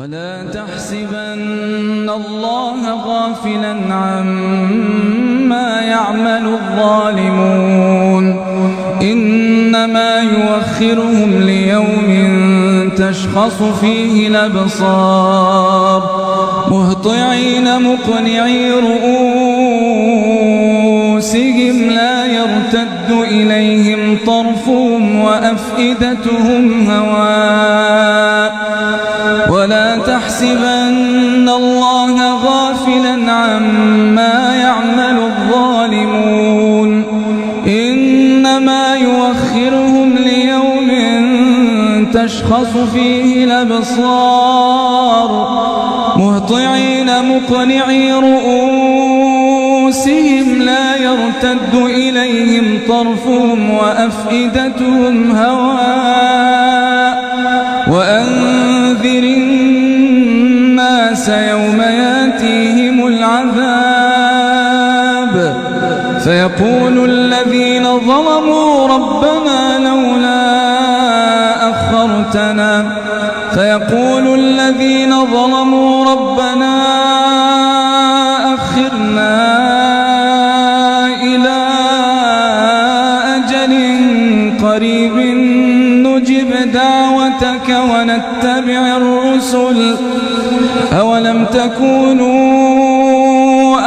ولا تحسبن الله غافلا عما يعمل الظالمون إنما يوخرهم ليوم تشخص فيه الأبصار مهطعين مقنعي رؤوسهم لا يرتد إليهم طرفهم وأفئدتهم هوان ولا تحسبن الله غافلا عما يعمل الظالمون إنما يوخرهم ليوم تشخص فيه الأبصار مهطعين مقنعي رؤوسهم لا يرتد إليهم طرفهم وأفئدتهم هوان الناس يوم ياتيهم العذاب فيقول الذين ظلموا ربنا لولا أخرتنا فيقول الذين ظلموا ربنا أخرنا إلى أجل قريب نجب دعوتك ونتبع الرسل أولم تكونوا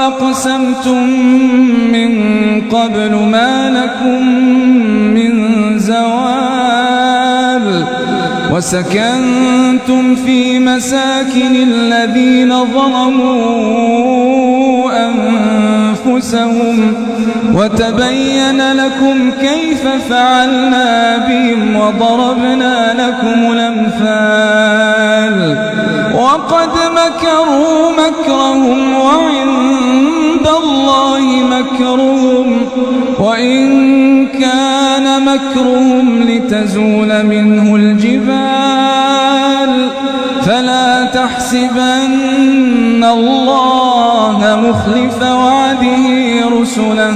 أقسمتم من قبل ما لكم من زوال وسكنتم في مساكن الذين ظلموا أنفسهم وتبين لكم كيف فعلنا بهم وضربنا لكم الأمثال وقد مكروا مكرهم وعند الله مكرهم وإن كان مكرهم لتزول منه الجبال فلا تحسبن الله مخلف وعده رسله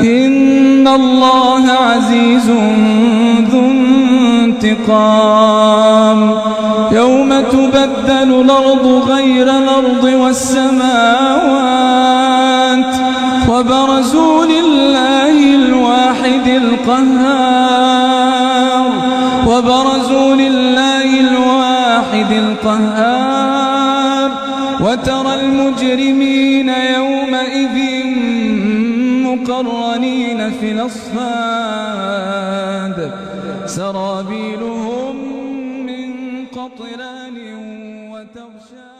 إن الله عزيز ذو انتقام يوم تبدل الأرض غير الأرض والسماوات وبرزوا لله الواحد القهار وبرزوا لله الواحد القهار وترى المجرمين يومئذ المقرنين في الأصفاد سرابيلهم من قطران وتغشى